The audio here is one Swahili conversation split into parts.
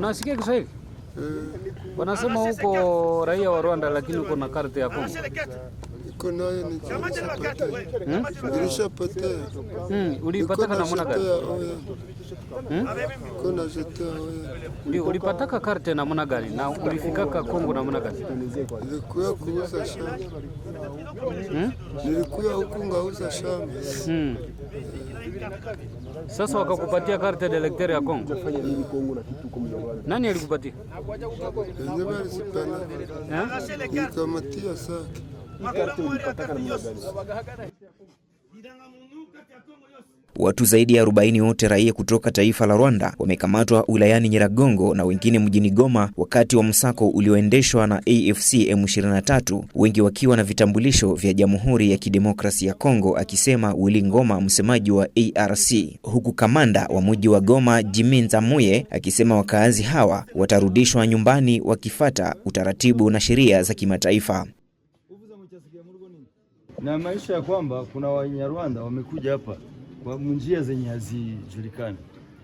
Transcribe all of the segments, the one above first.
Unasikia Kiswahili? Eh. Wanasema huko raia wa Rwanda lakini uko na karte ya Kongo. Niko nayo nilishapata. Hmm? Hmm, ulipataka na namna gani? Hmm? Ulipataka gani na ulifikaka Kongo namna gani? Nilikuwa kuuza shamba. Nilikuwa ngauza shamba. Eh. Sasa wakakupatia carte d'electeur ya Kongo. Nani alikupatia? Watu zaidi ya 40 wote raia kutoka taifa la Rwanda wamekamatwa wilayani Nyiragongo na wengine mjini Goma wakati wa msako ulioendeshwa na AFC M23, wengi wakiwa na vitambulisho vya Jamhuri ya Kidemokrasia ya Kongo, akisema Willy Ngoma, msemaji wa ARC, huku kamanda wa mji wa Goma Jimi Nzamuye akisema wakaazi hawa watarudishwa nyumbani wakifata utaratibu na sheria za kimataifa na maisha ya kwamba kuna Wanyarwanda wamekuja hapa kwa njia zenye hazijulikani,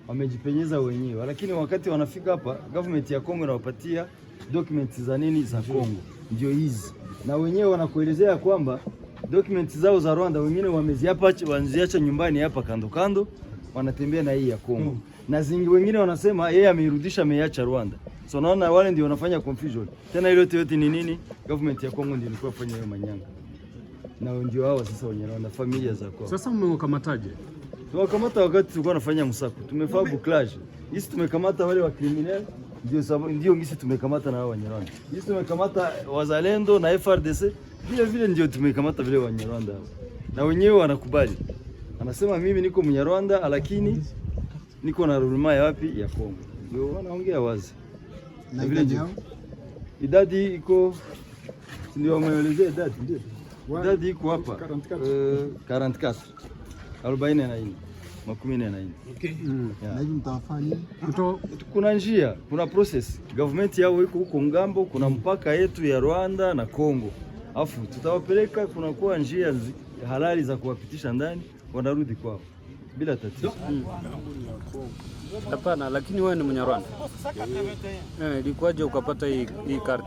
wamejipenyeza wenyewe. Lakini wakati wanafika hapa, government ya Kongo inawapatia documents za nini za Kongo, ndio hizi, na wenyewe wanakuelezea kwamba documents zao za Rwanda wengine wameziapa wanziacha nyumbani hapa kando kando, wanatembea na hii ya Kongo hmm. na zingi wengine wanasema yeye ameirudisha ameiacha Rwanda. So naona wale ndio wanafanya confusion tena, ile yote yote ni nini? Government ya Kongo ndio ilikuwa fanya hiyo manyanga na wengi wao sasa wenye na familia za kwao. Sasa mmewakamataje? Tumekamata wakati tulikuwa tunafanya msako, tumefaa buklash hisi, tumekamata wale wa criminal ndio sababu ndio ngisi tumekamata na Wanyarwanda. Ngisi tumekamata wazalendo na FRDC vile vile ndio tumekamata vile Wanyarwanda hao. Na wenyewe wanakubali. Anasema mimi niko Mnyarwanda lakini niko na huruma ya wapi ya Kongo. Ndio wanaongea wazi. Na vile ndio idadi iko ndio wameelezea idadi ndio idadi iko hapa 44 44 eh, makumi Okay. Mm. kuna njia, kuna process government yao iko huko ngambo, kuna mm. mpaka yetu ya Rwanda na Congo, afu tutawapeleka, kunakuwa njia halali za kuwapitisha ndani, wanarudi kwao bila tatizo. Mm. Hapana, Lakini wewe ni Mnyarwanda, eh, ilikuwaje ukapata hii hii karti?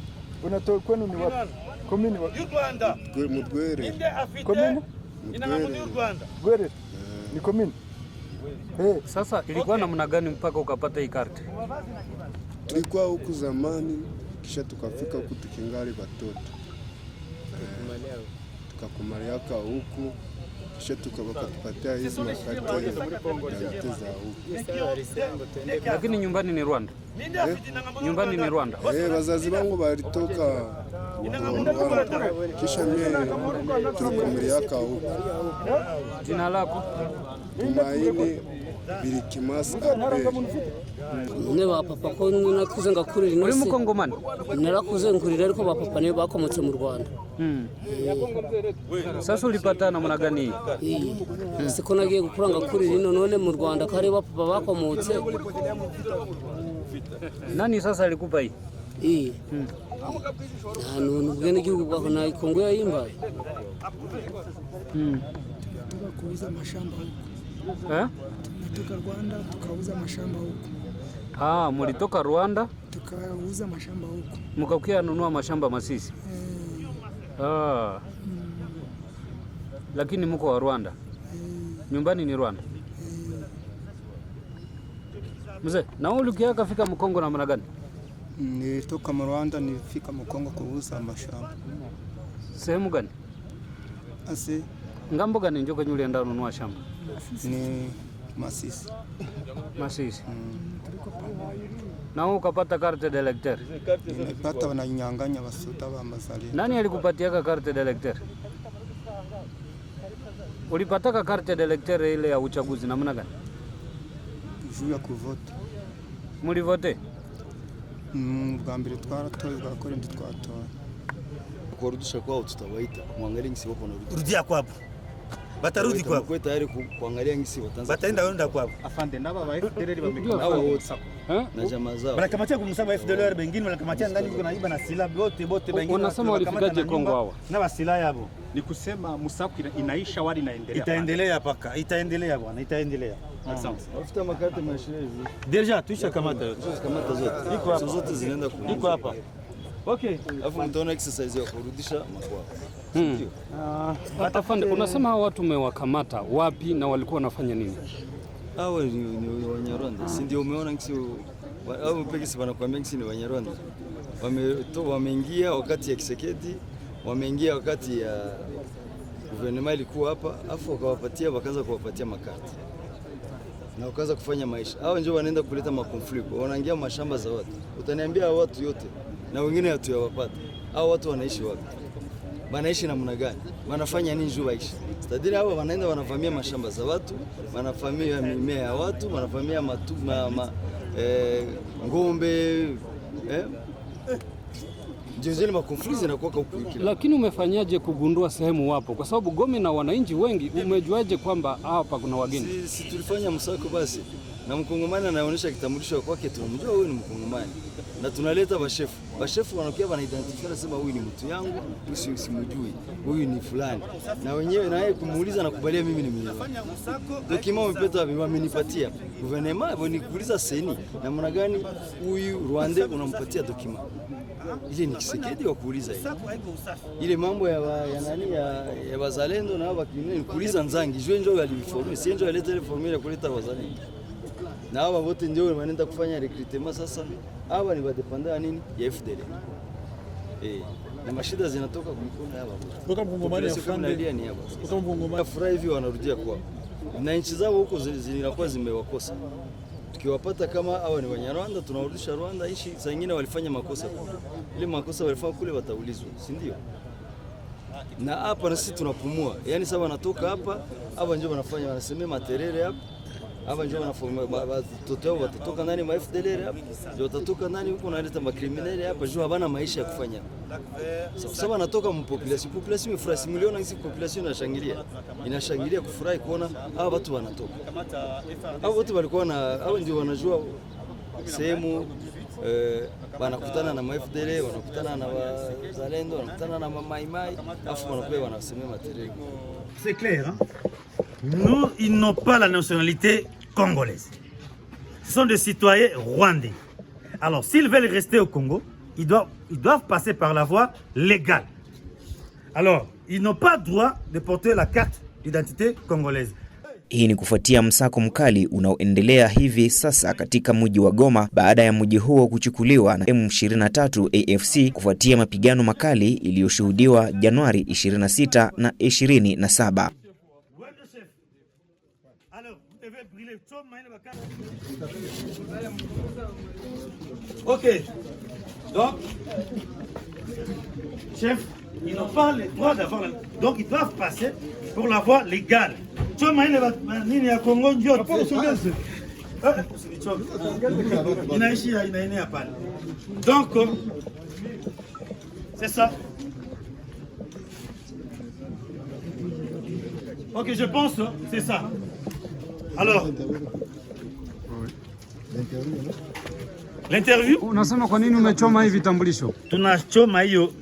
unatoka kwenu ni wapi? Komini wapi? Y'u Rwanda. Mu Rwerere. Inde afite komini inangamuzi y'u Rwanda. Gwere. Ni komini. Hey. Eh. Eh. Sasa ilikuwa okay, namna gani mpaka ukapata hii karte? Tulikuwa huku zamani kisha tukafika huku tukingali watoto. Eh. Tukakumaliaka huku kisha tukatupatia hizi mapate yote za huku. Lakini nyumbani ni Rwanda, eh, nyumbani ni Rwanda. Eh, wazazi wangu walitoka Rwanda, kisha mimi tulikumiliaka huku. Jina lako? Tumaini Bilikimasi Abeli. Eh. none ba papa ko nakuze ngakurira ino si narakuze nkurira ariko ba papa niyo bakomotse mu Rwanda hmm. sasa ulipatana mnaganiye siko nagiye gukura ngakurira ino none mu Rwanda ko ari ba papa bakomotse nani sasa alikupa hii iyi ahantu ubwene igihugu bwaho nta ikungu yayimbaye hmm. tukabuza amashamba huko tunatoka rwanda tukabuza amashamba huko Ah, mlitoka Rwanda tukauza mashamba huko, mkakuya nunua mashamba Masisi e. Ah. Mm. Lakini mko wa Rwanda e. Nyumbani ni Rwanda e. Mzee, na wewe ukiaka kafika Mkongo namna gani? Nilitoka Rwanda nifika Mkongo kuuza mashamba. Sehemu gani? Asi. Ngambo gani njoko nyule nunua shamba? Ni Masisi. Masisi mm. Na wewe ukapata carte de lecteur? Nimepata, wananyang'anya wasuta wa masalini. Nani alikupatiaka carte de lecteur? Ulipataka carte de lecteur ile ya uchaguzi namna gani? Juu ya kuvote. Mulivote? Mm, bwa mbere twaratoye bwa korindi twatoye. Kwa rudisha kwao tutawaita kumwangalia nisi wako na rudisha kwao batarudi kwa kwa tayari kuangalia ngisi wataanza, bataenda wenda kwa Afande na baba wa FDLR wamekamata wote na jamaa zao, kamatia kumsaba FDLR, bengine kamatia ndani kuna iba na silaha bote bote, bengine wanasema walifikaje Kongo hawa na basila yabo. Ni kusema msako inaisha wali inaendelea, itaendelea paka itaendelea bwana, itaendelea ah. asante. Wafuta makate mashirezi deja tuisha kamata yote, kamata zote iko hapa, zote zinaenda iko hapa Okay. Alafu mtaona exercise ya kurudisha makwao. Hmm. Uh, ah, afande, unasema hao watu umewakamata wapi na walikuwa wanafanya nini? Hawa ni Wanyarwanda. Si ndio umeona au peke si wanakuambia ngisi ni Wanyarwanda. wameingia wakati ya kiseketi wameingia wakati ya guvernema ilikuwa hapa, afu wakawapatia wakaanza kuwapatia makati. Na wakaanza kufanya maisha. Hao ndio wanaenda kuleta makonflikt. Wanaingia mashamba za watu. Utaniambia watu yote na wengine hatuyawapata. Hao watu wanaishi wapi? Wanaishi namna gani? Wanafanya nini juu waishi? Tadiri hao wanaenda wanavamia mashamba za watu, wanavamia mimea ya watu, wanavamia matuma ma, eh, ngombe eh? Lakini umefanyaje kugundua sehemu wapo? Kwa sababu Gome na wananchi wengi, umejuaje kwamba hapa kuna wageni? Si, si tulifanya msako basi na mkongomani anaonyesha kitambulisho kwake, tunamjua huyu ni mkongomani na tunaleta bashefu. Bashefu wanakuwa wanaidentify nasema, huyu ni mtu yangu, huyu simjui, huyu ni fulani, na wenyewe na yeye kumuuliza na kubalia, mimi nimeelewa dokima mpeta wamenipatia guvernema ni kuuliza seni namna gani huyu Rwanda unampatia dokima ile ni kisekedi wa kuuliza ile ile mambo ya, wa, ya nani ya, ya wazalendo na wa kimwili kuuliza nzangi jwe njoo alimformi si njoo aleta ile formula kuleta wazalendo na hawa wote ndio wanaenda kufanya recruitment sasa. Hawa ni wadependa nini ya FDL eh, na mashida zinatoka kwa mikono hawa. Kutoka mkongomani afande, kutoka mkongomani afurahi hivi wanarudia kwa na nchi zao huko zinakuwa zimewakosa. Tukiwapata kama hawa ni Wanyarwanda, tunawarudisha Rwanda. Ishi saa nyingine walifanya makosa kule, ile makosa walifanya kule wataulizwa, si ndio? Na hapa na sisi tunapumua, yaani sasa wanatoka hapa, hapa ndio wanafanya wanasemea materere hapa ama ndio watoto wao watatoka nani ma FDLR hapa, ndio watatoka nani huko, naleta makriminali hapa juu habana maisha ya kufanya sababu sababu anatoka mpopulation population imefurahi, milioni hizi population inashangilia inashangilia kufurahi kuona hawa watu wanatoka. Hao watu walikuwa na hao ndio wanajua sehemu Eh, na mafdele wanakutana na wazalendo wanakutana na mamaimai afu wanakuwa wanasemea material. C'est clair, hein? Nous, ils n'ont pas la nationalité congolaises. Ce sont des citoyens rwandais. Alors, s'ils veulent rester au Congo, ils doivent, ils doivent passer par la voie légale. Alors, ils n'ont pas droit de porter la carte d'identité congolaise. Hii ni kufuatia msako mkali unaoendelea hivi sasa katika mji wa Goma baada ya mji huo kuchukuliwa na M23 AFC kufuatia mapigano makali iliyoshuhudiwa Januari 26 na 27. Ok. Donc, chef, ils n'ont pas le droit d'avoir. Donc, ils doivent passer pour la voie légale. Donc, euh, c'est ça. Ok, je pense, c'est ça. Halo. L'interview? Unasema oh, kwa nini umechoma hii vitambulisho? Tunachoma hiyo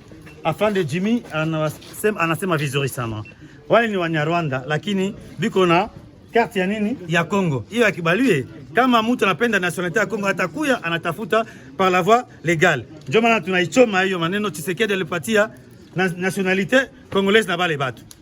afande Jimmy anasema, anasema vizuri sana. Wale ni Wanyarwanda lakini biko na kati ya nini ya Kongo hiyo akibaliwe. Kama mtu anapenda nationalite ya Kongo atakuya anatafuta par la voie legale. Ndio maana tunaichoma hiyo maneno Tshisekedi alipatia nationalité congolaise na bale batu